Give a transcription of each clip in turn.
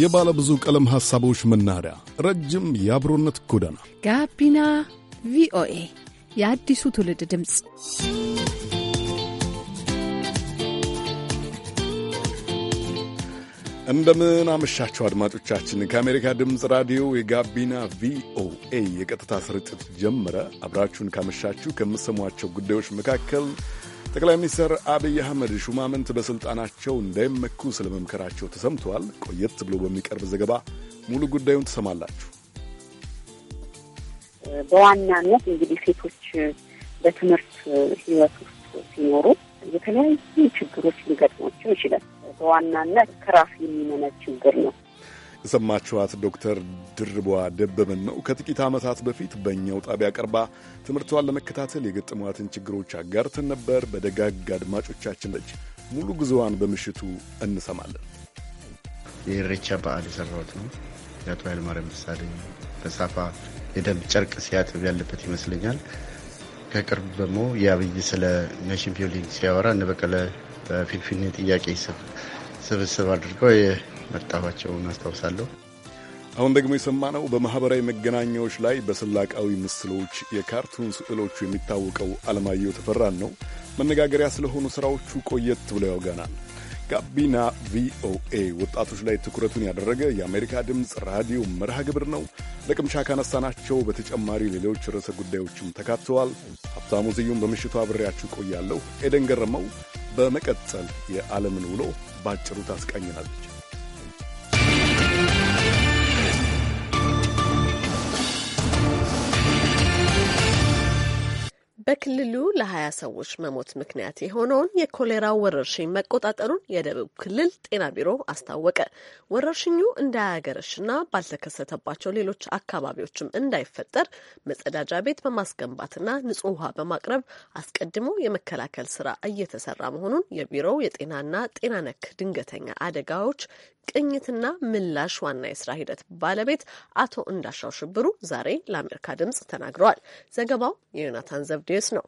የባለ ብዙ ቀለም ሐሳቦች መናኸሪያ፣ ረጅም የአብሮነት ጎዳና፣ ጋቢና ቪኦኤ የአዲሱ ትውልድ ድምፅ። እንደምን አመሻችሁ አድማጮቻችን። ከአሜሪካ ድምፅ ራዲዮ የጋቢና ቪኦኤ የቀጥታ ስርጭት ጀመረ። አብራችሁን ካመሻችሁ ከምትሰሟቸው ጉዳዮች መካከል ጠቅላይ ሚኒስትር አብይ አህመድ ሹማምንት በሥልጣናቸው እንዳይመኩ ስለ መምከራቸው ተሰምተዋል። ቆየት ብሎ በሚቀርብ ዘገባ ሙሉ ጉዳዩን ትሰማላችሁ። በዋናነት እንግዲህ ሴቶች በትምህርት ህይወት ውስጥ ሲኖሩ የተለያዩ ችግሮች ሊገጥሟቸው ይችላል። በዋናነት ከራስ የሚመነጭ ችግር ነው። የሰማችኋት ዶክተር ድርቧ ደበበን ነው። ከጥቂት ዓመታት በፊት በእኛው ጣቢያ ቀርባ ትምህርቷን ለመከታተል የገጠሟትን ችግሮች አጋርተን ነበር። በደጋግ አድማጮቻችን ነች። ሙሉ ጉዞዋን በምሽቱ እንሰማለን። የኢሬቻ በዓል የሰራሁት ነው። የአቶ ኃይለማርያም ደሳለኝ በሳፋ የደንብ ጨርቅ ሲያጥብ ያለበት ይመስለኛል። ከቅርብ ደግሞ የአብይ ስለ ናሽን ቢልዲንግ ሲያወራ እነ በፊንፊኔ ጥያቄ ስብስብ አድርገው መጣፋቸውን አስታውሳለሁ። አሁን ደግሞ የሰማነው በማኅበራዊ መገናኛዎች ላይ በስላቃዊ ምስሎች የካርቱን ስዕሎቹ የሚታወቀው አለማየሁ ተፈራን ነው። መነጋገሪያ ስለሆኑ ሥራዎቹ ቆየት ብሎ ያውጋናል። ጋቢና ቪኦኤ ወጣቶች ላይ ትኩረቱን ያደረገ የአሜሪካ ድምፅ ራዲዮ መርሃ ግብር ነው። ለቅምሻ ካነሳናቸው በተጨማሪ ሌሎች ርዕሰ ጉዳዮችም ተካትተዋል። ሀብታሙ ስዩም በምሽቱ አብሬያችሁ ቆያለሁ። ኤደን ገረመው በመቀጠል የዓለምን ውሎ ባጭሩ ታስቃኝናለች። በክልሉ ለሀያ ሰዎች መሞት ምክንያት የሆነውን የኮሌራ ወረርሽኝ መቆጣጠሩን የደቡብ ክልል ጤና ቢሮ አስታወቀ። ወረርሽኙ እንዳያገረሽና ባልተከሰተባቸው ሌሎች አካባቢዎችም እንዳይፈጠር መጸዳጃ ቤት በማስገንባትና ንጹህ ውሃ በማቅረብ አስቀድሞ የመከላከል ስራ እየተሰራ መሆኑን የቢሮው የጤናና ጤና ነክ ድንገተኛ አደጋዎች ቅኝትና ምላሽ ዋና የስራ ሂደት ባለቤት አቶ እንዳሻው ሽብሩ ዛሬ ለአሜሪካ ድምጽ ተናግረዋል። ዘገባው የዮናታን ዘብዴስ ነው።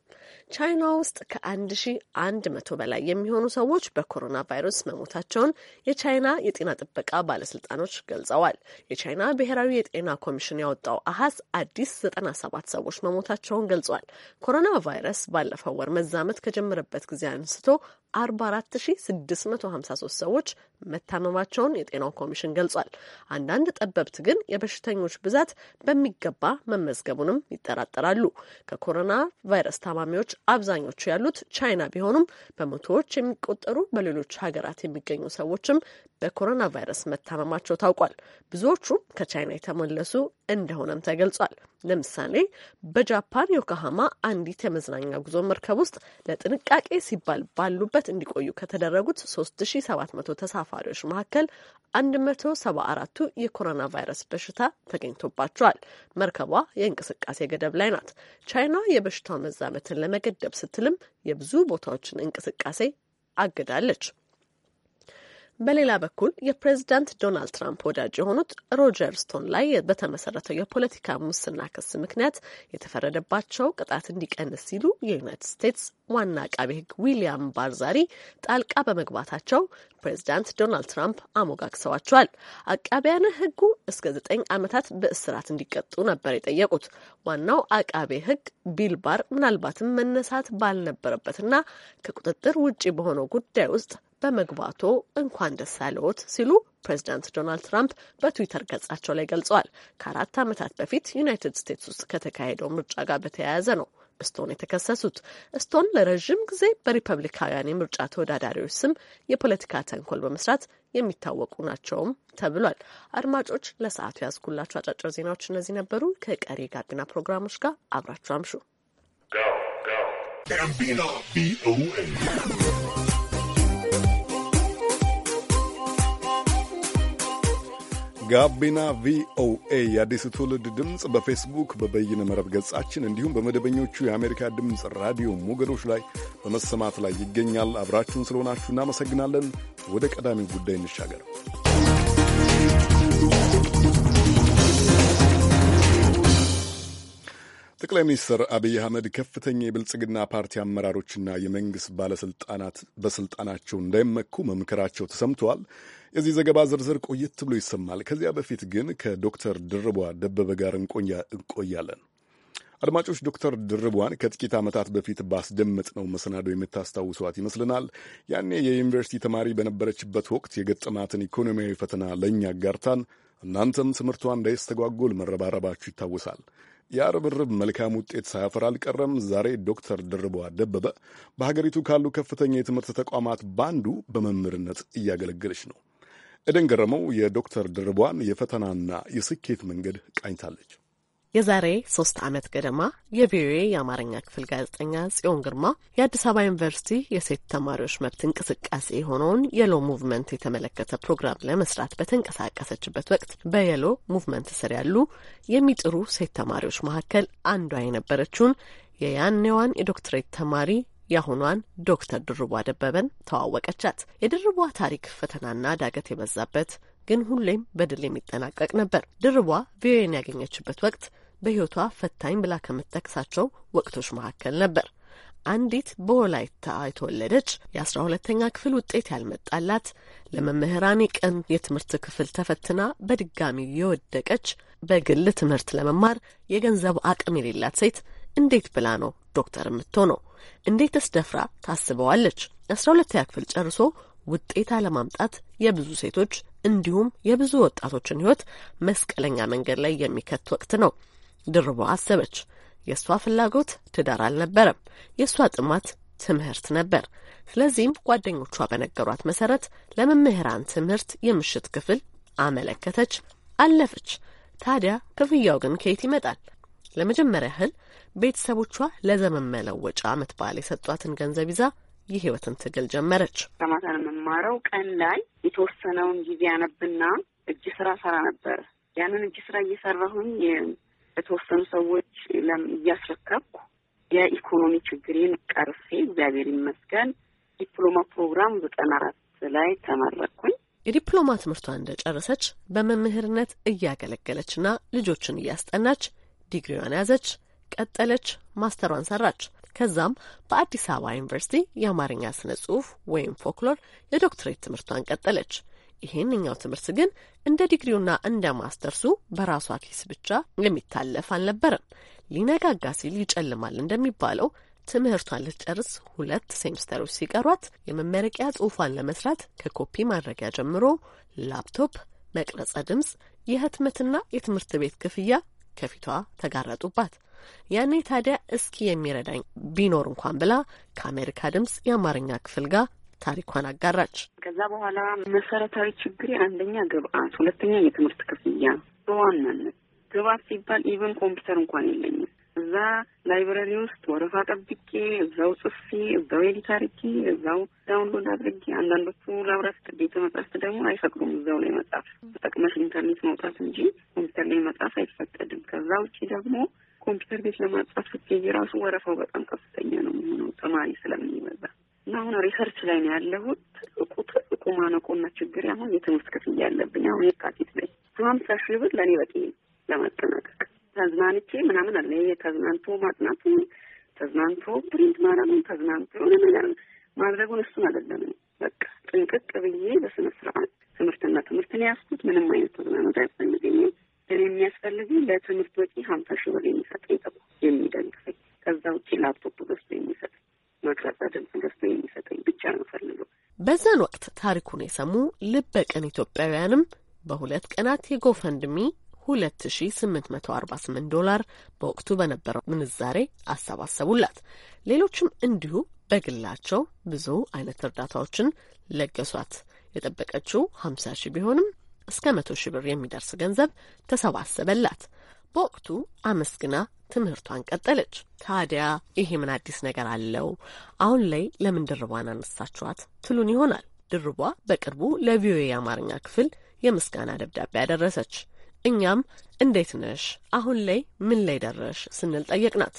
ቻይና ውስጥ ከአንድ ሺ አንድ መቶ በላይ የሚሆኑ ሰዎች በኮሮና ቫይረስ መሞታቸውን የቻይና የጤና ጥበቃ ባለስልጣኖች ገልጸዋል። የቻይና ብሔራዊ የጤና ኮሚሽን ያወጣው አሀዝ አዲስ ዘጠና ሰባት ሰዎች መሞታቸውን ገልጿል። ኮሮና ቫይረስ ባለፈው ወር መዛመት ከጀመረበት ጊዜ አንስቶ 44653 ሰዎች መታመማቸውን የጤናው ኮሚሽን ገልጿል። አንዳንድ ጠበብት ግን የበሽተኞች ብዛት በሚገባ መመዝገቡንም ይጠራጠራሉ። ከኮሮና ቫይረስ ታማሚዎች አብዛኞቹ ያሉት ቻይና ቢሆኑም በመቶዎች የሚቆጠሩ በሌሎች ሀገራት የሚገኙ ሰዎችም በኮሮና ቫይረስ መታመማቸው ታውቋል። ብዙዎቹም ከቻይና የተመለሱ እንደሆነም ተገልጿል። ለምሳሌ በጃፓን ዮኮሃማ አንዲት የመዝናኛ ጉዞ መርከብ ውስጥ ለጥንቃቄ ሲባል ባሉበት እንዲቆዩ ከተደረጉት 3700 ተሳፋሪዎች መካከል 174ቱ የኮሮና ቫይረስ በሽታ ተገኝቶባቸዋል። መርከቧ የእንቅስቃሴ ገደብ ላይ ናት። ቻይና የበሽታው መዛመትን ለመገደብ ስትልም የብዙ ቦታዎችን እንቅስቃሴ አግዳለች። በሌላ በኩል የፕሬዝዳንት ዶናልድ ትራምፕ ወዳጅ የሆኑት ሮጀር ስቶን ላይ በተመሰረተው የፖለቲካ ሙስና ክስ ምክንያት የተፈረደባቸው ቅጣት እንዲቀንስ ሲሉ የዩናይትድ ስቴትስ ዋና አቃቤ ሕግ ዊሊያም ባርዛሪ ጣልቃ በመግባታቸው ፕሬዝዳንት ዶናልድ ትራምፕ አሞጋግሰዋቸዋል። አቃቢያን ሕጉ እስከ ዘጠኝ ዓመታት በእስራት እንዲቀጡ ነበር የጠየቁት። ዋናው አቃቤ ሕግ ቢል ባር ምናልባትም መነሳት ባልነበረበትና ከቁጥጥር ውጪ በሆነው ጉዳይ ውስጥ በመግባቶ እንኳን ደስ ያለዎት ሲሉ ፕሬዚዳንት ዶናልድ ትራምፕ በትዊተር ገጻቸው ላይ ገልጸዋል። ከአራት ዓመታት በፊት ዩናይትድ ስቴትስ ውስጥ ከተካሄደው ምርጫ ጋር በተያያዘ ነው ስቶን የተከሰሱት። ስቶን ለረዥም ጊዜ በሪፐብሊካውያን የምርጫ ተወዳዳሪዎች ስም የፖለቲካ ተንኮል በመስራት የሚታወቁ ናቸውም ተብሏል። አድማጮች፣ ለሰዓቱ ያዝኩላቸው አጫጭር ዜናዎች እነዚህ ነበሩ። ከቀሪ ጋቢና ፕሮግራሞች ጋር አብራችሁ አምሹ። ጋቢና ቪኦኤ የአዲስ ትውልድ ድምፅ በፌስቡክ በበይነ መረብ ገጻችን እንዲሁም በመደበኞቹ የአሜሪካ ድምፅ ራዲዮ ሞገዶች ላይ በመሰማት ላይ ይገኛል። አብራችሁን ስለሆናችሁ እናመሰግናለን። ወደ ቀዳሚው ጉዳይ እንሻገር። ጠቅላይ ሚኒስትር አብይ አህመድ ከፍተኛ የብልጽግና ፓርቲ አመራሮችና የመንግሥት ባለሥልጣናት በሥልጣናቸው እንዳይመኩ መምከራቸው ተሰምተዋል። የዚህ ዘገባ ዝርዝር ቆየት ብሎ ይሰማል። ከዚያ በፊት ግን ከዶክተር ድርቧ ደበበ ጋር እንቆያለን። አድማጮች ዶክተር ድርቧን ከጥቂት ዓመታት በፊት ባስደመጥነው መሰናዶ የምታስታውሷት ይመስልናል። ያኔ የዩኒቨርሲቲ ተማሪ በነበረችበት ወቅት የገጠማትን ኢኮኖሚያዊ ፈተና ለእኛ አጋርታን እናንተም ትምህርቷ እንዳይስተጓጎል መረባረባችሁ ይታወሳል። የአርብርብ መልካም ውጤት ሳያፈር አልቀረም። ዛሬ ዶክተር ድርቦ ደበበ በሀገሪቱ ካሉ ከፍተኛ የትምህርት ተቋማት በአንዱ በመምህርነት እያገለገለች ነው። ኤደን ገረመው የዶክተር ድርቧን የፈተናና የስኬት መንገድ ቃኝታለች። የዛሬ ሶስት ዓመት ገደማ የቪኦኤ የአማርኛ ክፍል ጋዜጠኛ ጽዮን ግርማ የአዲስ አበባ ዩኒቨርሲቲ የሴት ተማሪዎች መብት እንቅስቃሴ የሆነውን የሎ ሙቭመንት የተመለከተ ፕሮግራም ለመስራት በተንቀሳቀሰችበት ወቅት በየሎ ሙቭመንት ስር ያሉ የሚጥሩ ሴት ተማሪዎች መካከል አንዷ የነበረችውን የያኔዋን የዶክትሬት ተማሪ የአሁኗን ዶክተር ድርቧ ደበበን ተዋወቀቻት። የድርቧ ታሪክ ፈተናና ዳገት የበዛበት ግን ሁሌም በድል የሚጠናቀቅ ነበር። ድርቧ ቪኦኤን ያገኘችበት ወቅት በሕይወቷ ፈታኝ ብላ ከምትጠቅሳቸው ወቅቶች መካከል ነበር። አንዲት በወላይታ የተወለደች የአስራ ሁለተኛ ክፍል ውጤት ያልመጣላት ለመምህራን ቀን የትምህርት ክፍል ተፈትና በድጋሚ የወደቀች በግል ትምህርት ለመማር የገንዘብ አቅም የሌላት ሴት እንዴት ብላ ነው ዶክተር የምትሆነው? እንዴትስ ደፍራ ታስበዋለች? አስራ ሁለተኛ ክፍል ጨርሶ ውጤት አለማምጣት የብዙ ሴቶች እንዲሁም የብዙ ወጣቶችን ህይወት መስቀለኛ መንገድ ላይ የሚከት ወቅት ነው። ድርቦ አሰበች። የእሷ ፍላጎት ትዳር አልነበረም። የእሷ ጥማት ትምህርት ነበር። ስለዚህም ጓደኞቿ በነገሯት መሰረት ለመምህራን ትምህርት የምሽት ክፍል አመለከተች፣ አለፈች። ታዲያ ክፍያው ግን ከየት ይመጣል? ለመጀመሪያ ያህል ቤተሰቦቿ ለዘመን መለወጫ ዓመት በዓል የሰጧትን ገንዘብ ይዛ የህይወትን ትግል ጀመረች። ማታን የምማረው ቀን ላይ የተወሰነውን ጊዜ አነብና እጅ ስራ ሰራ ነበር። ያንን እጅ ስራ እየሰራሁኝ የተወሰኑ ሰዎች እያስረከብኩ የኢኮኖሚ ችግሬን ቀርፌ እግዚአብሔር ይመስገን ዲፕሎማ ፕሮግራም ዘጠና አራት ላይ ተመረቅኩኝ። የዲፕሎማ ትምህርቷን እንደጨረሰች በመምህርነት እያገለገለችና ልጆችን እያስጠናች ዲግሪዋን ያዘች፣ ቀጠለች፣ ማስተሯን ሰራች። ከዛም በአዲስ አበባ ዩኒቨርሲቲ የአማርኛ ስነ ጽሁፍ ወይም ፎክሎር የዶክትሬት ትምህርቷን ቀጠለች። ይህንኛው ትምህርት ግን እንደ ዲግሪውና እንደ ማስተርሱ በራሷ ኪስ ብቻ የሚታለፍ አልነበረም። ሊነጋጋ ሲል ይጨልማል እንደሚባለው ትምህርቷን ልትጨርስ ሁለት ሴምስተሮች ሲቀሯት የመመረቂያ ጽሁፏን ለመስራት ከኮፒ ማድረጊያ ጀምሮ ላፕቶፕ፣ መቅረጸ ድምፅ፣ የህትመትና የትምህርት ቤት ክፍያ ከፊቷ ተጋረጡባት። ያኔ ታዲያ እስኪ የሚረዳኝ ቢኖር እንኳን ብላ ከአሜሪካ ድምጽ የአማርኛ ክፍል ጋር ታሪኳን አጋራች። ከዛ በኋላ መሰረታዊ ችግር አንደኛ ግብአት፣ ሁለተኛ የትምህርት ክፍያ በዋናነት ግብአት ሲባል ኢቨን ኮምፒውተር እንኳን የለኝም። እዛ ላይብረሪ ውስጥ ወረፋ ጠብቄ እዛው ጽፌ እዛው ኤዲት አድርጌ እዛው ዳውንሎድ አድርጌ አንዳንዶቹ ላብራሪ ቤተ መጻሕፍት ደግሞ አይፈቅዱም። እዛው ላይ መጻፍ ተጠቅመሽ ኢንተርኔት መውጣት እንጂ ኮምፒውተር ላይ መጻፍ አይፈቀድም። ከዛ ውጭ ደግሞ ኮምፒውተር ቤት ለማጥፋት ስትሄጂ ራሱ ወረፋው በጣም ከፍተኛ ነው የሚሆነው ተማሪ ስለሚበዛ እና አሁን ሪሰርች ላይ ነው ያለሁት። ትልቁ ትልቁ ማነቆና ችግር አሁን የትምህርት ክፍያ ያለብኝ አሁን የካቲት ላይ ሀምሳ ሺህ ብር ለእኔ በቂ ለማጠናቀቅ ተዝናንቼ ምናምን አለ ይሄ ተዝናንቶ ማጥናቱ ተዝናንቶ ፕሪንት ማረምን ተዝናንቶ የሆነ ነገር ማድረጉን እሱን አይደለም። በቃ ጥንቅቅ ብዬ በስነ ስርዓት ትምህርትና ትምህርትን ያስኩት ምንም አይነት ተዝናኖት አይፈልገኝም። እኔ የሚያስፈልገኝ ለትምህርት ወጪ ሀምሳ ሺህ ብር የሚሰጠኝ ጥቁ የሚደግፈኝ ከዛ ውጭ ላፕቶፕ ገዝቶ የሚሰጥ መቅረጻ ድምፅ ገዝቶ የሚሰጠኝ ብቻ ነው ፈልገው። በዛን ወቅት ታሪኩን የሰሙ ልበ ቀን ኢትዮጵያውያንም በሁለት ቀናት የጎፈንድሚ 2848 ዶላር በወቅቱ በነበረው ምንዛሬ አሰባሰቡላት። ሌሎችም እንዲሁ በግላቸው ብዙ አይነት እርዳታዎችን ለገሷት። የጠበቀችው 50 ሺህ ቢሆንም እስከ መቶ ሺህ ብር የሚደርስ ገንዘብ ተሰባሰበላት። በወቅቱ አመስግና ትምህርቷን ቀጠለች። ታዲያ ይሄ ምን አዲስ ነገር አለው? አሁን ላይ ለምን ድርቧን አነሳችኋት ትሉን ይሆናል። ድርቧ በቅርቡ ለቪኦኤ የአማርኛ ክፍል የምስጋና ደብዳቤ ያደረሰች። እኛም እንዴት ነሽ፣ አሁን ላይ ምን ላይ ደረሽ ስንል ጠየቅናት።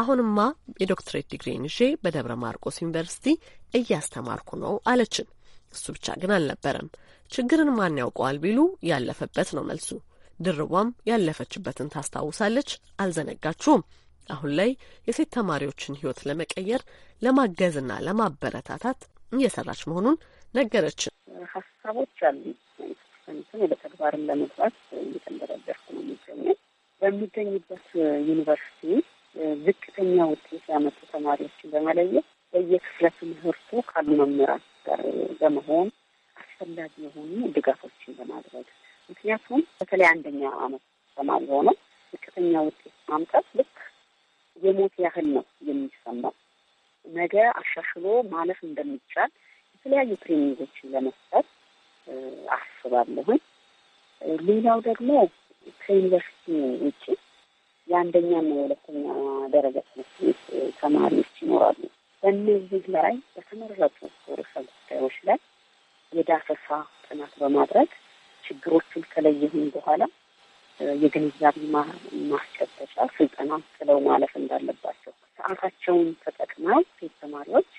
አሁንማ የዶክትሬት ዲግሪን ይዤ በደብረ ማርቆስ ዩኒቨርሲቲ እያስተማርኩ ነው አለችን። እሱ ብቻ ግን አልነበረም። ችግርን ማን ያውቀዋል ቢሉ ያለፈበት ነው መልሱ። ድርቧም ያለፈችበትን ታስታውሳለች፣ አልዘነጋችሁም። አሁን ላይ የሴት ተማሪዎችን ህይወት ለመቀየር ለማገዝና ለማበረታታት እየሰራች መሆኑን ነገረችን። ሀሳቦች አሉ እንትን ወደ ተግባርን ለመግባት እየተንደረደርኩ ነው የሚገኘው በሚገኝበት ዩኒቨርሲቲ ዝቅተኛ ውጤት ያመጡ ተማሪዎችን በመለየት በየክፍለ ትምህርቱ ካሉ መምህራን ጋር በመሆን አስፈላጊ የሆኑ ድጋፎችን በማድረግ ምክንያቱም በተለይ አንደኛ አመት ተማሪ ሆነው ዝቅተኛ ውጤት ማምጣት ልክ የሞት ያህል ነው የሚሰማው። ነገ አሻሽሎ ማለፍ እንደሚቻል የተለያዩ ትሬኒንጎችን ለመስጠት አስባለሁኝ። ሌላው ደግሞ ከዩኒቨርሲቲ ውጭ የአንደኛና የሁለተኛ ደረጃ ትምህርት ቤት ተማሪዎች ይኖራሉ። በእነዚህ ላይ በተመረጡ ርዕሰ ጉዳዮች ላይ የዳሰሳ ጥናት በማድረግ ችግሮቹን ከለየሁኝ በኋላ የግንዛቤ ማስጨበጫ ስልጠና ጥለው ማለፍ እንዳለባቸው ሰዓታቸውን ተጠቅመው ሴት ተማሪዎች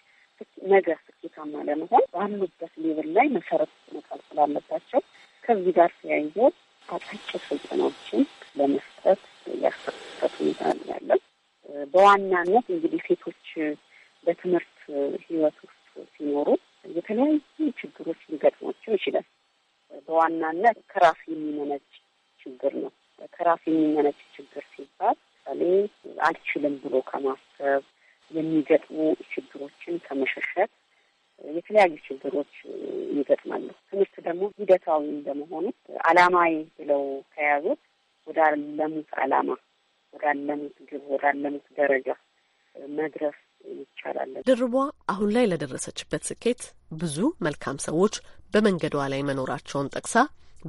ነገ ስኬታማ ለመሆን ባሉበት ሌብል ላይ መሰረት መጣል ስላለባቸው ከዚህ ጋር ተያይዞ አጫጭር ስልጠናዎችን ለመስጠት ያሰበት ሁኔታ ያለን በዋናነት እንግዲህ ሴቶች በትምህርት ህይወት ውስጥ ሲኖሩ የተለያዩ ችግሮች ሊገጥሟቸው ይችላል። በዋናነት ከራስ የሚመነጭ ችግር ነው። ከራስ የሚመነጭ ችግር ሲባል ለምሳሌ አልችልም ብሎ ከማሰብ የሚገጥሙ ችግሮችን ከመሸሸት የተለያዩ ችግሮች ይገጥማሉ። ትምህርት ደግሞ ሂደታዊ እንደመሆኑ አላማዊ ብለው ከያዙት ወዳለሙት አላማ ወዳለሙት ግብ ወዳለሙት ደረጃ መድረስ ይቻላል። ድርቧ አሁን ላይ ለደረሰችበት ስኬት ብዙ መልካም ሰዎች በመንገዷ ላይ መኖራቸውን ጠቅሳ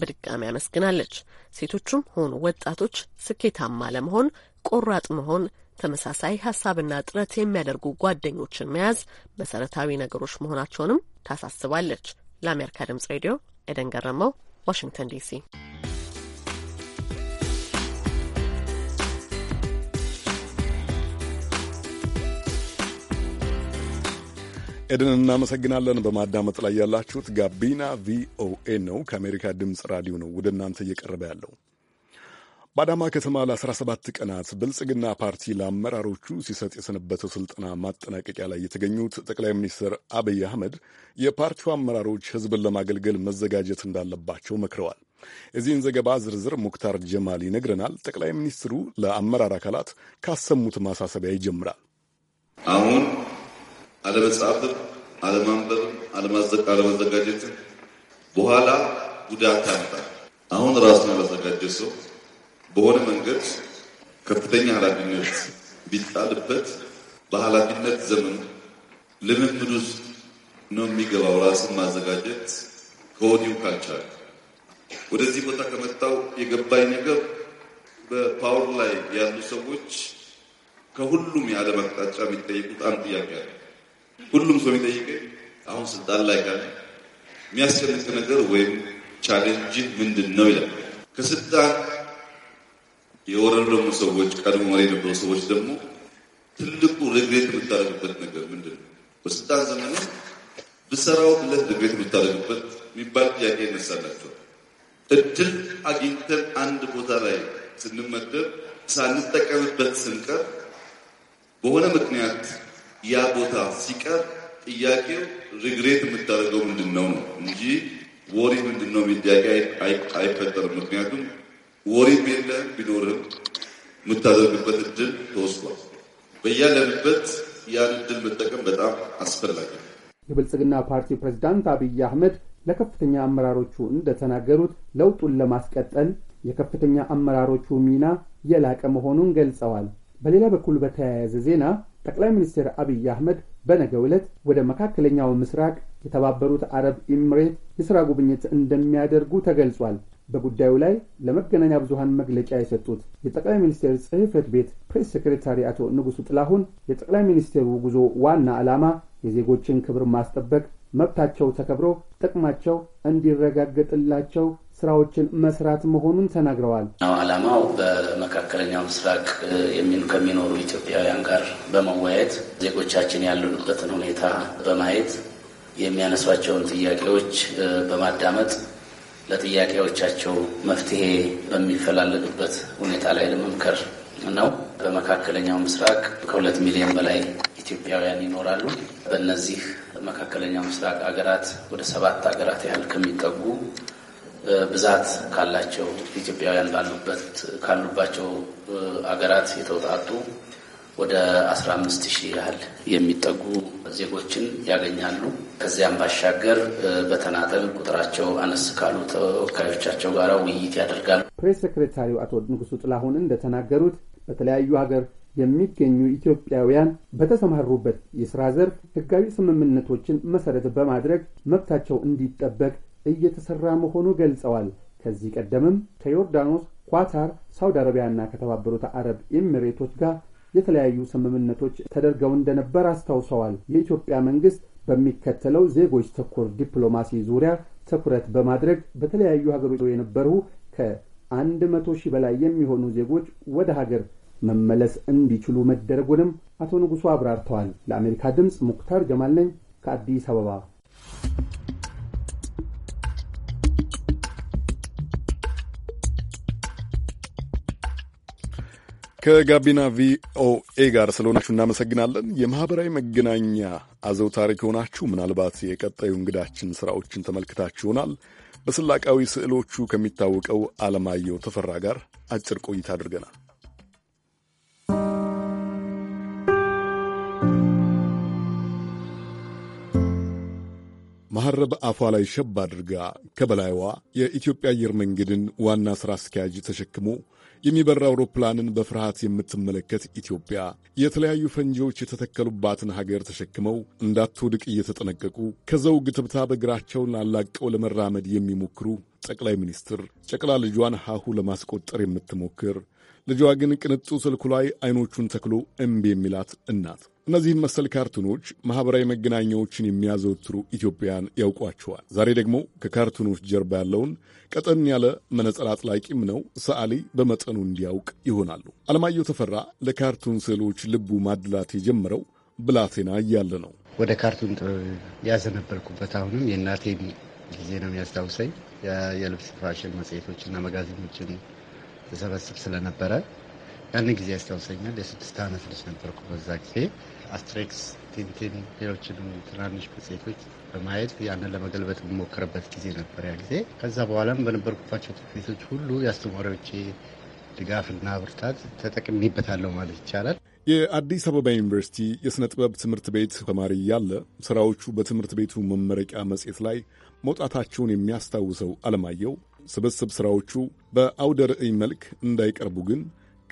በድጋሚ አመስግናለች። ሴቶቹም ሆኑ ወጣቶች ስኬታማ ለመሆን ቆራጥ መሆን ተመሳሳይ ሀሳብና ጥረት የሚያደርጉ ጓደኞችን መያዝ መሰረታዊ ነገሮች መሆናቸውንም ታሳስባለች። ለአሜሪካ ድምጽ ሬዲዮ ኤደን ገረመው፣ ዋሽንግተን ዲሲ ኤደን እናመሰግናለን። በማዳመጥ ላይ ያላችሁት ጋቢና ቪኦኤ ነው፣ ከአሜሪካ ድምፅ ራዲዮ ነው ወደ እናንተ እየቀረበ ያለው። በአዳማ ከተማ ለ17 ቀናት ብልጽግና ፓርቲ ለአመራሮቹ ሲሰጥ የሰነበተው ስልጠና ማጠናቀቂያ ላይ የተገኙት ጠቅላይ ሚኒስትር አብይ አህመድ የፓርቲው አመራሮች ህዝብን ለማገልገል መዘጋጀት እንዳለባቸው መክረዋል። የዚህን ዘገባ ዝርዝር ሙክታር ጀማል ይነግረናል። ጠቅላይ ሚኒስትሩ ለአመራር አካላት ካሰሙት ማሳሰቢያ ይጀምራል። አሁን አለመጻፍም፣ አለማንበብም፣ አለመዘጋጀትም በኋላ ጉዳት ያመጣል። አሁን ራሱን ያላዘጋጀ ሰው በሆነ መንገድ ከፍተኛ ኃላፊነት ቢጣልበት በኃላፊነት ዘመኑ ልምምድ ውስጥ ነው የሚገባው። ራስን ማዘጋጀት ከወዲሁ ካልቻለ ወደዚህ ቦታ ከመጣው የገባኝ ነገር በፓወር ላይ ያሉ ሰዎች ከሁሉም የዓለም አቅጣጫ የሚጠይቁት አንድ ጥያቄ አለ። ሁሉም ሰው የሚጠይቀ አሁን ስልጣን ላይ ካለ የሚያስጨንቅ ነገር ወይም ቻሌንጅ ምንድን ነው ይላል። ከስልጣን የወረዱ ደግሞ ሰዎች ቀድሞ መሪ የነበሩ ሰዎች ደግሞ ትልቁ ሬግሬት የምታደርግበት ነገር ምንድን ነው? በስልጣን ዘመን ብሰራው ብለት ሬግሬት የምታደርግበት የሚባል ጥያቄ ይነሳላቸዋል። እድል አግኝተን አንድ ቦታ ላይ ስንመደብ ሳንጠቀምበት ስንቀር በሆነ ምክንያት ያ ቦታ ሲቀር ጥያቄው ሪግሬት የምታደርገው ምንድን ነው ነው እንጂ ወሪ ምንድን ነው የሚል ጥያቄ አይፈጠርም። ምክንያቱም ወሪ የለህም ቢኖርም የምታደርግበት እድል ተወስዷል። በያለንበት ያን እድል መጠቀም በጣም አስፈላጊ ነው። የብልጽግና ፓርቲ ፕሬዝዳንት አብይ አህመድ ለከፍተኛ አመራሮቹ እንደተናገሩት ለውጡን ለማስቀጠል የከፍተኛ አመራሮቹ ሚና የላቀ መሆኑን ገልጸዋል። በሌላ በኩል በተያያዘ ዜና ጠቅላይ ሚኒስትር አብይ አህመድ በነገ ዕለት ወደ መካከለኛው ምስራቅ የተባበሩት አረብ ኤምሬት የሥራ ጉብኝት እንደሚያደርጉ ተገልጿል። በጉዳዩ ላይ ለመገናኛ ብዙሃን መግለጫ የሰጡት የጠቅላይ ሚኒስቴር ጽሕፈት ቤት ፕሬስ ሴክሬታሪ አቶ ንጉሱ ጥላሁን የጠቅላይ ሚኒስቴሩ ጉዞ ዋና ዓላማ የዜጎችን ክብር ማስጠበቅ መብታቸው ተከብሮ ጥቅማቸው እንዲረጋገጥላቸው ስራዎችን መስራት መሆኑን ተናግረዋል። ናው ዓላማው በመካከለኛው ምስራቅ ከሚኖሩ ኢትዮጵያውያን ጋር በመወያየት ዜጎቻችን ያሉበትን ሁኔታ በማየት የሚያነሷቸውን ጥያቄዎች በማዳመጥ ለጥያቄዎቻቸው መፍትሄ በሚፈላለግበት ሁኔታ ላይ ለመምከር ነው። በመካከለኛው ምስራቅ ከሁለት ሚሊዮን በላይ ኢትዮጵያውያን ይኖራሉ። በእነዚህ መካከለኛው ምስራቅ ሀገራት ወደ ሰባት ሀገራት ያህል ከሚጠጉ ብዛት ካላቸው ኢትዮጵያውያን ባሉበት ካሉባቸው አገራት የተውጣጡ ወደ 15 ሺህ ያህል የሚጠጉ ዜጎችን ያገኛሉ። ከዚያም ባሻገር በተናጠል ቁጥራቸው አነስ ካሉ ተወካዮቻቸው ጋር ውይይት ያደርጋሉ። ፕሬስ ሴክሬታሪው አቶ ንጉሱ ጥላሁን እንደተናገሩት በተለያዩ ሀገር የሚገኙ ኢትዮጵያውያን በተሰማሩበት የሥራ ዘርፍ ሕጋዊ ስምምነቶችን መሠረት በማድረግ መብታቸው እንዲጠበቅ እየተሠራ መሆኑ ገልጸዋል። ከዚህ ቀደምም ከዮርዳኖስ፣ ኳታር፣ ሳውዲ አረቢያና ከተባበሩት አረብ ኤሚሬቶች ጋር የተለያዩ ስምምነቶች ተደርገው እንደነበር አስታውሰዋል። የኢትዮጵያ መንግሥት በሚከተለው ዜጎች ተኮር ዲፕሎማሲ ዙሪያ ትኩረት በማድረግ በተለያዩ ሀገሮች የነበሩ ከአንድ መቶ ሺህ በላይ የሚሆኑ ዜጎች ወደ ሀገር መመለስ እንዲችሉ መደረጉንም አቶ ንጉሱ አብራርተዋል። ለአሜሪካ ድምፅ ሙክታር ጀማል ነኝ ከአዲስ አበባ። ከጋቢና ቪኦኤ ጋር ስለሆናችሁ እናመሰግናለን። የማኅበራዊ መገናኛ አዘውታሪ ከሆናችሁ ምናልባት የቀጣዩ እንግዳችን ሥራዎችን ተመልክታችሁ ይሆናል። በስላቃዊ ስዕሎቹ ከሚታወቀው አለማየሁ ተፈራ ጋር አጭር ቆይታ አድርገናል። መሐረብ አፏ ላይ ሸብ አድርጋ ከበላይዋ የኢትዮጵያ አየር መንገድን ዋና ሥራ አስኪያጅ ተሸክሞ የሚበራ አውሮፕላንን በፍርሃት የምትመለከት ኢትዮጵያ የተለያዩ ፈንጂዎች የተተከሉባትን ሀገር ተሸክመው እንዳትወድቅ እየተጠነቀቁ ከዘውግ ትብታብ እግራቸውን አላቀው ለመራመድ የሚሞክሩ ጠቅላይ ሚኒስትር ጨቅላ ልጇን ሐሁ ለማስቆጠር የምትሞክር ልጇ ግን ቅንጡ ስልኩ ላይ አይኖቹን ተክሎ እምቢ የሚላት እናት። እነዚህም መሰል ካርቱኖች ማኅበራዊ መገናኛዎችን የሚያዘወትሩ ኢትዮጵያን ያውቋቸዋል። ዛሬ ደግሞ ከካርቱኖች ጀርባ ያለውን ቀጠን ያለ መነጽር አጥላቂም ነው ሰዓሊ በመጠኑ እንዲያውቅ ይሆናሉ። አለማየሁ ተፈራ ለካርቱን ስዕሎች ልቡ ማድላት የጀመረው ብላቴና እያለ ነው። ወደ ካርቱን ያዘነበርኩበት አሁንም የእናቴ ጊዜ ነው የሚያስታውሰኝ። የልብስ ፋሽን መጽሔቶችና መጋዚኖችን ተሰበስብ ስለነበረ ያን ጊዜ ያስታውሰኛል። የስድስት ዓመት ልጅ ነበርኩ በዛ ጊዜ። አስትሬክስ፣ ቲንቲን፣ ሌሎችንም ትናንሽ መጽሔቶች በማየት ያንን ለመገልበጥ የምሞክርበት ጊዜ ነበር ያ ጊዜ። ከዛ በኋላም በነበርኩባቸው ትምህርት ቤቶች ሁሉ የአስተማሪዎቼ ድጋፍና ብርታት ተጠቅሚበታለሁ ማለት ይቻላል። የአዲስ አበባ ዩኒቨርሲቲ የሥነ ጥበብ ትምህርት ቤት ተማሪ ያለ ሥራዎቹ በትምህርት ቤቱ መመረቂያ መጽሔት ላይ መውጣታቸውን የሚያስታውሰው አለማየሁ ስብስብ ሥራዎቹ በአውደ ርዕይ መልክ እንዳይቀርቡ ግን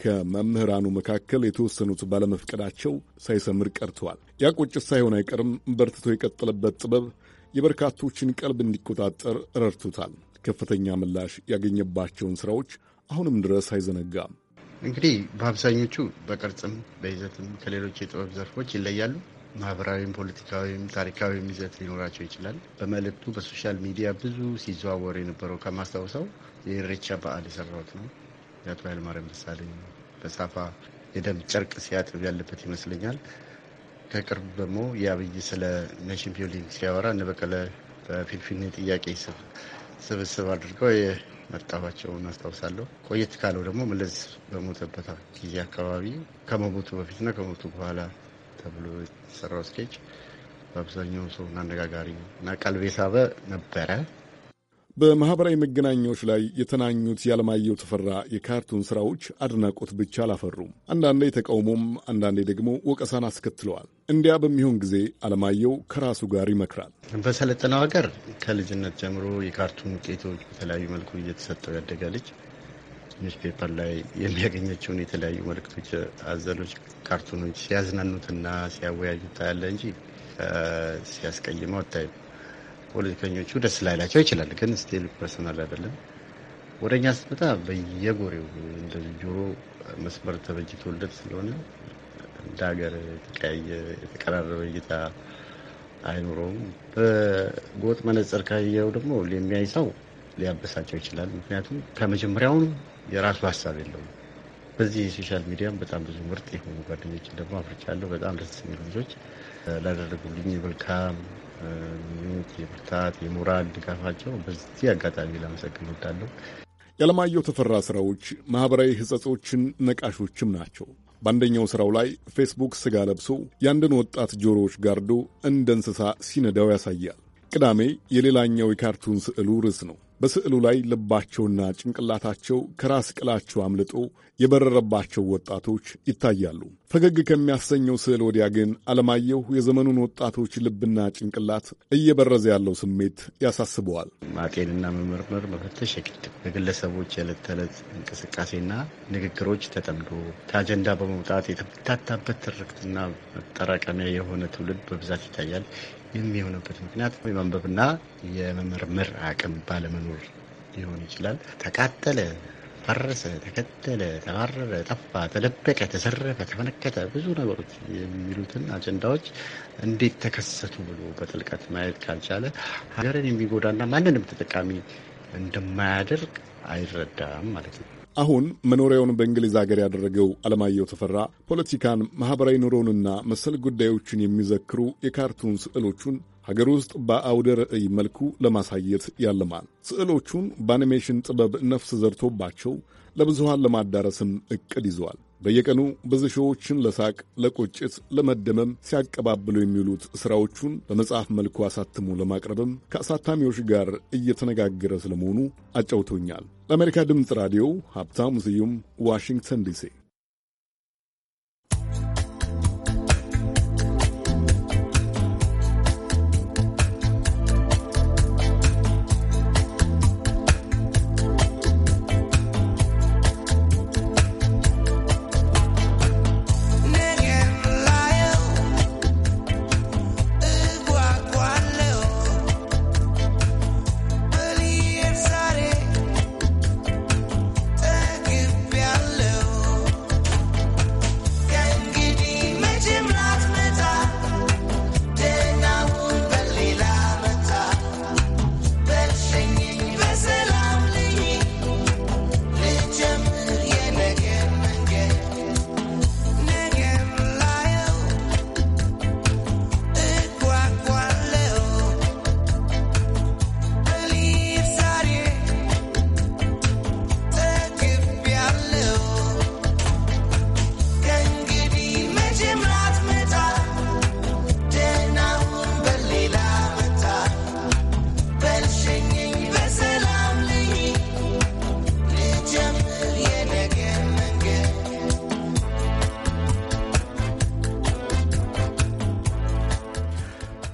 ከመምህራኑ መካከል የተወሰኑት ባለመፍቀዳቸው ሳይሰምር ቀርተዋል። ያ ቁጭት ሳይሆን አይቀርም። በርትቶ የቀጠለበት ጥበብ የበርካቶችን ቀልብ እንዲቆጣጠር ረድቶታል። ከፍተኛ ምላሽ ያገኘባቸውን ሥራዎች አሁንም ድረስ አይዘነጋም። እንግዲህ በአብዛኞቹ በቅርጽም በይዘትም ከሌሎች የጥበብ ዘርፎች ይለያሉ። ማህበራዊም፣ ፖለቲካዊም፣ ታሪካዊም ይዘት ሊኖራቸው ይችላል። በመልእክቱ በሶሻል ሚዲያ ብዙ ሲዘዋወር የነበረው ከማስታውሰው የኢሬቻ በዓል የሰራሁት ነው። የአቶ ኃይለማርያም ደሳለኝ በሳፋ የደም ጨርቅ ሲያጥብ ያለበት ይመስለኛል። ከቅርብ ደግሞ የአብይ ስለ ኔሽን ቢልዲንግ ሲያወራ እነ በቀለ በፊንፊኔ ጥያቄ ስብስብ አድርገው መጣባቸውን አስታውሳለሁ። ቆየት ካለው ደግሞ መለስ በሞተበት ጊዜ አካባቢ ከመሞቱ በፊትና ከሞቱ በኋላ ተብሎ የተሰራው ስኬች በአብዛኛው ሰው አነጋጋሪ እና ቀልብ የሳበ ነበረ። በማህበራዊ መገናኛዎች ላይ የተናኙት ያለማየሁ ተፈራ የካርቱን ስራዎች አድናቆት ብቻ አላፈሩም። አንዳንዴ ተቃውሞም፣ አንዳንዴ ደግሞ ወቀሳን አስከትለዋል። እንዲያ በሚሆን ጊዜ አለማየሁ ከራሱ ጋር ይመክራል። በሰለጠነው ሀገር ከልጅነት ጀምሮ የካርቱን ውጤቶች በተለያዩ መልኩ እየተሰጠው ያደገ ልጅ ኒውስ ፔፐር ላይ የሚያገኛቸው የተለያዩ መልእክቶች፣ አዘሎች፣ ካርቱኖች ሲያዝናኑትና ሲያወያዩ ታያለ እንጂ ሲያስቀይመው አታይም። ፖለቲከኞቹ ደስ ላይላቸው ይችላል፣ ግን ስቲል ፐርሰናል አይደለም። ወደ እኛ ስትመጣ በየጎሬው እንደዚህ ጆሮ መስመር ተበጅቶለት ስለሆነ እንደ ሀገር የተቀያየ የተቀራረበ እይታ አይኖረውም። በጎጥ መነጽር ካየው ደግሞ የሚያይ ሰው ሊያበሳቸው ይችላል። ምክንያቱም ከመጀመሪያውኑ የራሱ ሀሳብ የለውም። በዚህ የሶሻል ሚዲያም በጣም ብዙ ምርጥ የሆኑ ጓደኞችን ደግሞ አፍርቻለሁ። በጣም ደስ የሚሉ ልጆች ላደረጉልኝ የመልካም ምኞት፣ የብርታት፣ የሞራል ድጋፋቸው በዚህ አጋጣሚ ላመሰግን እወዳለሁ። የዓለማየሁ ተፈራ ስራዎች ማኅበራዊ ሕጸጾችን ነቃሾችም ናቸው። በአንደኛው ሥራው ላይ ፌስቡክ ሥጋ ለብሶ የአንድን ወጣት ጆሮዎች ጋርዶ እንደ እንስሳ ሲነዳው ያሳያል። ቅዳሜ የሌላኛው የካርቱን ስዕሉ ርዕስ ነው። በስዕሉ ላይ ልባቸውና ጭንቅላታቸው ከራስ ቅላቸው አምልጦ የበረረባቸው ወጣቶች ይታያሉ። ፈገግ ከሚያሰኘው ስዕል ወዲያ ግን አለማየሁ የዘመኑን ወጣቶች ልብና ጭንቅላት እየበረዘ ያለው ስሜት ያሳስበዋል። ማጤንና መመርመር፣ መፈተሽ የግድ በግለሰቦች የዕለት ተዕለት እንቅስቃሴና ንግግሮች ተጠምዶ ከአጀንዳ በመውጣት የተምታታበት ትርክትና መጠራቀሚያ የሆነ ትውልድ በብዛት ይታያል። የሚሆነበት ምክንያት የማንበብና የመመርመር አቅም ባለመኖር ሊሆን ይችላል። ተቃጠለ፣ ፈረሰ፣ ተከተለ፣ ተባረረ፣ ጠፋ፣ ተደበቀ፣ ተሰረፈ ተፈነከተ ብዙ ነገሮች የሚሉትን አጀንዳዎች እንዴት ተከሰቱ ብሎ በጥልቀት ማየት ካልቻለ ሀገርን የሚጎዳና ማንንም ተጠቃሚ እንደማያደርግ አይረዳም ማለት ነው። አሁን መኖሪያውን በእንግሊዝ ሀገር ያደረገው አለማየሁ ተፈራ ፖለቲካን፣ ማኅበራዊ ኑሮንና መሰል ጉዳዮችን የሚዘክሩ የካርቱን ስዕሎቹን ሀገር ውስጥ በአውደ ርዕይ መልኩ ለማሳየት ያለማል። ስዕሎቹን በአኒሜሽን ጥበብ ነፍስ ዘርቶባቸው ለብዙሃን ለማዳረስም እቅድ ይዘዋል። በየቀኑ ብዙ ሺዎችን ለሳቅ፣ ለቁጭት፣ ለመደመም ሲያቀባብሉ የሚውሉት ሥራዎቹን በመጽሐፍ መልኩ አሳትሞ ለማቅረብም ከአሳታሚዎች ጋር እየተነጋገረ ስለመሆኑ አጫውቶኛል። ለአሜሪካ ድምፅ ራዲዮ ሀብታሙ ስዩም ዋሽንግተን ዲሲ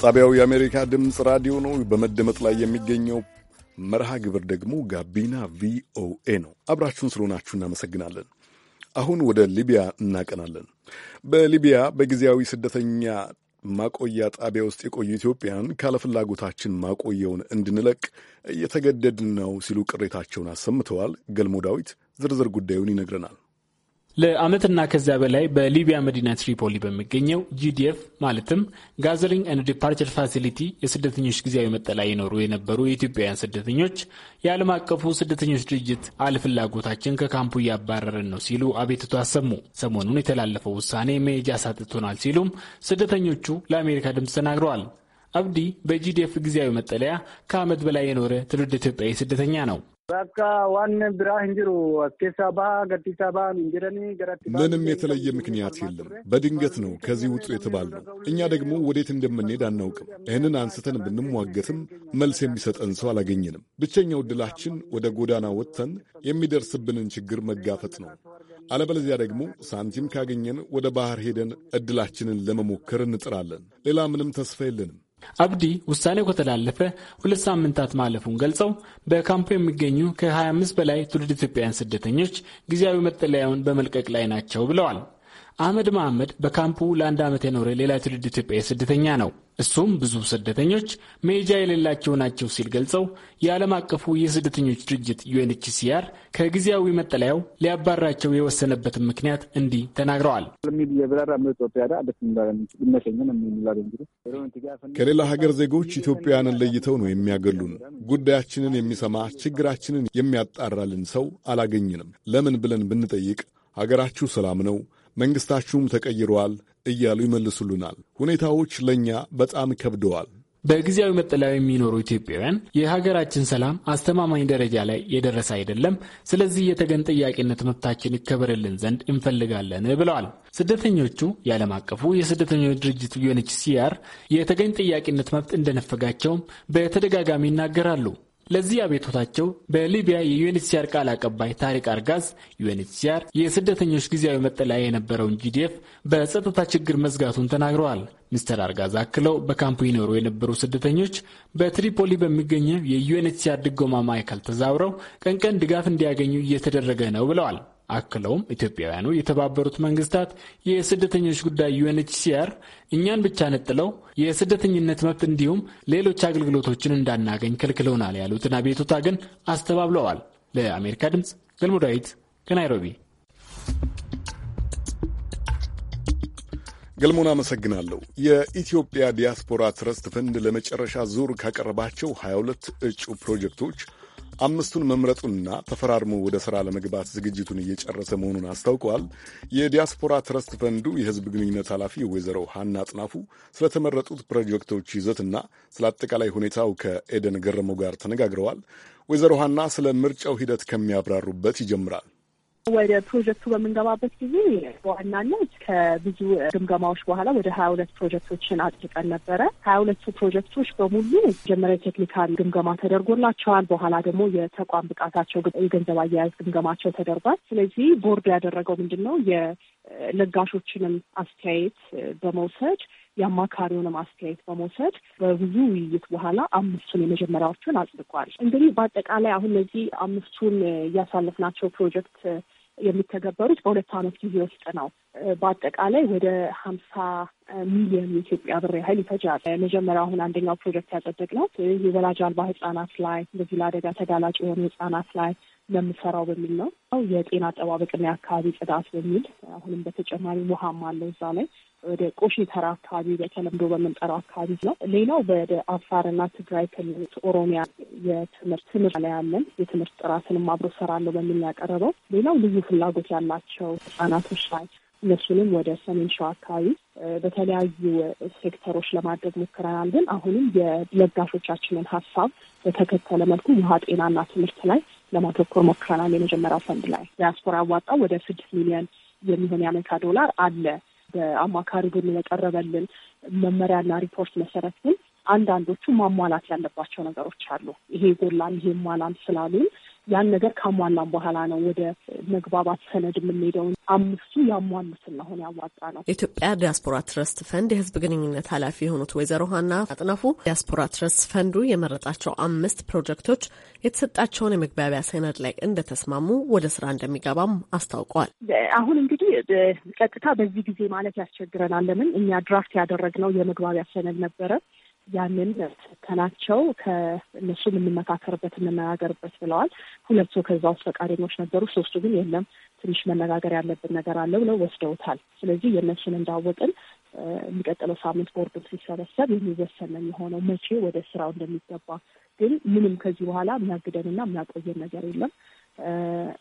ጣቢያው የአሜሪካ ድምፅ ራዲዮ ነው። በመደመጥ ላይ የሚገኘው መርሃ ግብር ደግሞ ጋቢና ቪኦኤ ነው። አብራችሁን ስለሆናችሁ እናመሰግናለን። አሁን ወደ ሊቢያ እናቀናለን። በሊቢያ በጊዜያዊ ስደተኛ ማቆያ ጣቢያ ውስጥ የቆዩ ኢትዮጵያን ካለፍላጎታችን ማቆየውን እንድንለቅ እየተገደድን ነው ሲሉ ቅሬታቸውን አሰምተዋል። ገልሞ ዳዊት ዝርዝር ጉዳዩን ይነግረናል። ለዓመትና ከዚያ በላይ በሊቢያ መዲና ትሪፖሊ በሚገኘው ጂዲኤፍ ማለትም ጋዘሪንግ ኤንድ ዲፓርቸር ፋሲሊቲ የስደተኞች ጊዜያዊ መጠለያ ይኖሩ የነበሩ የኢትዮጵያውያን ስደተኞች የዓለም አቀፉ ስደተኞች ድርጅት አልፍላጎታችን ከካምፑ እያባረረን ነው ሲሉ አቤትቶ አሰሙ። ሰሞኑን የተላለፈው ውሳኔ መሄጃ አሳጥቶናል ሲሉም ስደተኞቹ ለአሜሪካ ድምፅ ተናግረዋል። አብዲ በጂዲኤፍ ጊዜያዊ መጠለያ ከዓመት በላይ የኖረ ትውልድ ኢትዮጵያዊ ስደተኛ ነው። በቃ ዋን ብራ እንጅሩ jiru keessaa baha gaddisaa ምንም የተለየ ምክንያት የለም። በድንገት ነው ከዚህ ውጡ የተባል ነው። እኛ ደግሞ ወዴት እንደምንሄድ አናውቅም። ይህንን አንስተን ብንሟገትም መልስ የሚሰጠን ሰው አላገኘንም። ብቸኛው ድላችን ወደ ጎዳና ወጥተን የሚደርስብንን ችግር መጋፈጥ ነው። አለበለዚያ ደግሞ ሳንቲም ካገኘን ወደ ባህር ሄደን እድላችንን ለመሞከር እንጥራለን። ሌላ ምንም ተስፋ የለንም። አብዲ ውሳኔው ከተላለፈ ሁለት ሳምንታት ማለፉን ገልጸው በካምፑ የሚገኙ ከ25 በላይ ትውልድ ኢትዮጵያውያን ስደተኞች ጊዜያዊ መጠለያውን በመልቀቅ ላይ ናቸው ብለዋል። አህመድ መሐመድ በካምፑ ለአንድ ዓመት የኖረ ሌላ ትውልድ ኢትዮጵያዊ ስደተኛ ነው። እሱም ብዙ ስደተኞች መሄጃ የሌላቸው ናቸው ሲል ገልጸው የዓለም አቀፉ የስደተኞች ድርጅት ዩኤንኤችሲአር ከጊዜያዊ መጠለያው ሊያባራቸው የወሰነበትን ምክንያት እንዲህ ተናግረዋል። ከሌላ ሀገር ዜጎች ኢትዮጵያውያንን ለይተው ነው የሚያገሉን። ጉዳያችንን የሚሰማ ችግራችንን የሚያጣራልን ሰው አላገኝንም። ለምን ብለን ብንጠይቅ ሀገራችሁ ሰላም ነው መንግስታችሁም ተቀይረዋል እያሉ ይመልሱሉናል። ሁኔታዎች ለእኛ በጣም ከብደዋል። በጊዜያዊ መጠለያ የሚኖሩ ኢትዮጵያውያን የሀገራችን ሰላም አስተማማኝ ደረጃ ላይ የደረሰ አይደለም፣ ስለዚህ የተገን ጥያቄነት መብታችን ይከበርልን ዘንድ እንፈልጋለን ብለዋል። ስደተኞቹ የዓለም አቀፉ የስደተኞች ድርጅት ዩኤንኤችሲአር የተገኝ ጥያቄነት መብት እንደነፈጋቸውም በተደጋጋሚ ይናገራሉ። ለዚህ አቤቶታቸው በሊቢያ የዩኤንኤችሲአር ቃል አቀባይ ታሪክ አርጋዝ ዩኤንኤችሲአር የስደተኞች ጊዜያዊ መጠለያ የነበረውን ጂዲኤፍ በጸጥታ ችግር መዝጋቱን ተናግረዋል። ሚስተር አርጋዝ አክለው በካምፑ ይኖሩ የነበሩ ስደተኞች በትሪፖሊ በሚገኘው የዩኤንኤችሲአር ድጎማ ማዕከል ተዛውረው ቀን ቀን ድጋፍ እንዲያገኙ እየተደረገ ነው ብለዋል። አክለውም ኢትዮጵያውያኑ የተባበሩት መንግስታት የስደተኞች ጉዳይ ዩኤንኤችሲአር እኛን ብቻ ነጥለው የስደተኝነት መብት እንዲሁም ሌሎች አገልግሎቶችን እንዳናገኝ ከልክለውናል ያሉትን አቤቱታ ግን አስተባብለዋል። ለአሜሪካ ድምፅ ገልሞ ዳዊት ከናይሮቢ። ገልሞን አመሰግናለሁ። የኢትዮጵያ ዲያስፖራ ትረስት ፈንድ ለመጨረሻ ዙር ካቀረባቸው 22 እጩ ፕሮጀክቶች አምስቱን መምረጡንና ተፈራርሞ ወደ ሥራ ለመግባት ዝግጅቱን እየጨረሰ መሆኑን አስታውቀዋል። የዲያስፖራ ትረስት ፈንዱ የሕዝብ ግንኙነት ኃላፊ ወይዘሮ ሀና አጥናፉ ስለተመረጡት ፕሮጀክቶች ይዘትና ስለ አጠቃላይ ሁኔታው ከኤደን ገረመው ጋር ተነጋግረዋል። ወይዘሮ ሀና ስለ ምርጫው ሂደት ከሚያብራሩበት ይጀምራል። ወደ ፕሮጀክቱ በምንገባበት ጊዜ በዋናነት ከብዙ ግምገማዎች በኋላ ወደ ሀያ ሁለት ፕሮጀክቶችን አጥቅቀን ነበረ። ሀያ ሁለቱ ፕሮጀክቶች በሙሉ መጀመሪያ የቴክኒካል ግምገማ ተደርጎላቸዋል። በኋላ ደግሞ የተቋም ብቃታቸው፣ የገንዘብ አያያዝ ግምገማቸው ተደርጓል። ስለዚህ ቦርድ ያደረገው ምንድን ነው የለጋሾችንም አስተያየት በመውሰድ የአማካሪውንም አስተያየት በመውሰድ በብዙ ውይይት በኋላ አምስቱን የመጀመሪያዎቹን አጽድቋል። እንግዲህ በአጠቃላይ አሁን እነዚህ አምስቱን እያሳለፍናቸው ፕሮጀክት የሚተገበሩት በሁለት ዓመት ጊዜ ውስጥ ነው። በአጠቃላይ ወደ ሀምሳ ሚሊዮን የኢትዮጵያ ብር ያህል ይፈጃል። መጀመሪያ አሁን አንደኛው ፕሮጀክት ያጸደቅነው የወላጅ አልባ ህጻናት ላይ እንደዚህ ለአደጋ ተጋላጭ የሆኑ ህጻናት ላይ የምሰራው በሚል ነው። የጤና አጠባበቅና የአካባቢ ጽዳት በሚል አሁንም በተጨማሪ ውሃም አለው እዛ ላይ ወደ ቆሼ ተራ አካባቢ በተለምዶ በምንጠራው አካባቢ ነው። ሌላው ወደ አፋርና ትግራይ ክልል ኦሮሚያ የትምህርት ትምህርት ላይ ያለን የትምህርት ጥራትንም አብሮ ሰራለሁ በሚል ያቀረበው። ሌላው ልዩ ፍላጎት ያላቸው ህጻናቶች ላይ እነሱንም ወደ ሰሜን ሸዋ አካባቢ በተለያዩ ሴክተሮች ለማድረግ ሞክረናል። ግን አሁንም የለጋሾቻችንን ሀሳብ በተከተለ መልኩ ውሃ፣ ጤናና ትምህርት ላይ ለማተኮር ሞክረናል። የመጀመሪያው ፈንድ ላይ ዲያስፖራ ያዋጣው ወደ ስድስት ሚሊዮን የሚሆን የአሜሪካ ዶላር አለ። በአማካሪ ቡድን የቀረበልን መመሪያና ሪፖርት መሰረት ግን አንዳንዶቹ ማሟላት ያለባቸው ነገሮች አሉ። ይሄ ጎላን ይሄ ሟላን ስላሉን ያን ነገር ካሟላን በኋላ ነው ወደ መግባባት ሰነድ የምንሄደውን። አምስቱ ያሟሉትን አሁን ያዋጣ ነው። የኢትዮጵያ ዲያስፖራ ትረስት ፈንድ የህዝብ ግንኙነት ኃላፊ የሆኑት ወይዘሮ ሀና አጥናፉ ዲያስፖራ ትረስት ፈንዱ የመረጣቸው አምስት ፕሮጀክቶች የተሰጣቸውን የመግባቢያ ሰነድ ላይ እንደተስማሙ ወደ ስራ እንደሚገባም አስታውቀዋል። አሁን እንግዲህ ቀጥታ በዚህ ጊዜ ማለት ያስቸግረናል። ለምን እኛ ድራፍት ያደረግነው የመግባቢያ ሰነድ ነበረ። ያንን ተናቸው ከእነሱ የምንመካከርበት እንነጋገርበት ብለዋል። ሁለት ሰው ከዛ ውስጥ ፈቃደኞች ነበሩ። ሶስቱ ግን የለም ትንሽ መነጋገር ያለብን ነገር አለ ብለው ወስደውታል። ስለዚህ የእነሱን እንዳወቅን የሚቀጥለው ሳምንት ቦርዱ ሲሰበሰብ የሚወሰን ነው የሆነው መቼ ወደ ስራው እንደሚገባ ግን ምንም ከዚህ በኋላ የሚያግደንና የሚያቆየን ነገር የለም።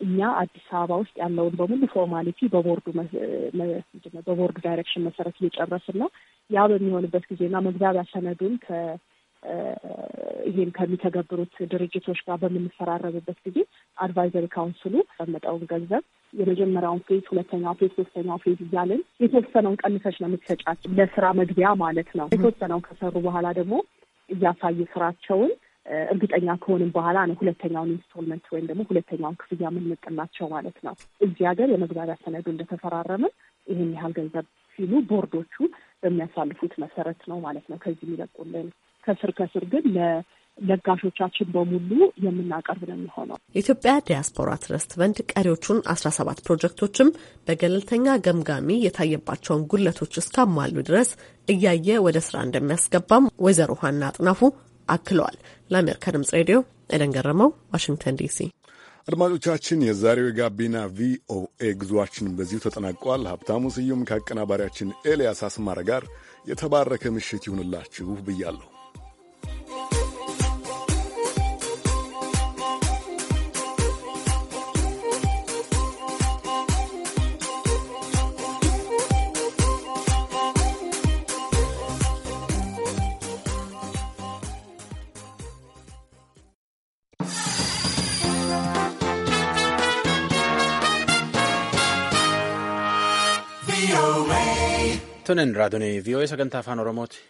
እኛ አዲስ አበባ ውስጥ ያለውን በሙሉ ፎርማሊቲ በቦርዱ በቦርዱ ዳይሬክሽን መሰረት እየጨረስን ነው። ያ በሚሆንበት ጊዜና መግባቢያ ሰነዱን ይሄን ከሚተገብሩት ድርጅቶች ጋር በምንፈራረብበት ጊዜ አድቫይዘሪ ካውንስሉ ተቀመጠውን ገንዘብ የመጀመሪያውን ፌዝ፣ ሁለተኛው ፌዝ፣ ሶስተኛው ፌዝ እያልን የተወሰነውን ቀንሰች ነው የምትሰጫቸው ለስራ መግቢያ ማለት ነው። የተወሰነውን ከሰሩ በኋላ ደግሞ እያሳዩ ስራቸውን እርግጠኛ ከሆንም በኋላ ነው ሁለተኛውን ኢንስቶልመንት ወይም ደግሞ ሁለተኛውን ክፍያ የምንመጥናቸው ማለት ነው። እዚህ ሀገር የመግባቢያ ሰነዱ እንደተፈራረምን ይህን ያህል ገንዘብ ሲሉ ቦርዶቹ በሚያሳልፉት መሰረት ነው ማለት ነው ከዚህ የሚለቁልን። ከስር ከስር ግን ለጋሾቻችን በሙሉ የምናቀርብ ነው የሚሆነው። የኢትዮጵያ ዲያስፖራ ትረስት ፈንድ ቀሪዎቹን አስራ ሰባት ፕሮጀክቶችም በገለልተኛ ገምጋሚ የታየባቸውን ጉለቶች እስካሟሉ ድረስ እያየ ወደ ስራ እንደሚያስገባም ወይዘሮ ሀና አጥናፉ አክለዋል። ለአሜሪካ ድምጽ ሬዲዮ ኤደን ገረመው፣ ዋሽንግተን ዲሲ። አድማጮቻችን፣ የዛሬው የጋቢና ቪኦኤ ጉዟችን በዚሁ ተጠናቋል። ሀብታሙ ስዩም ከአቀናባሪያችን ኤልያስ አስማረ ጋር የተባረከ ምሽት ይሁንላችሁ ብያለሁ። Tunin raadunii vii'oo'ee sagantaa afaan Oromooti.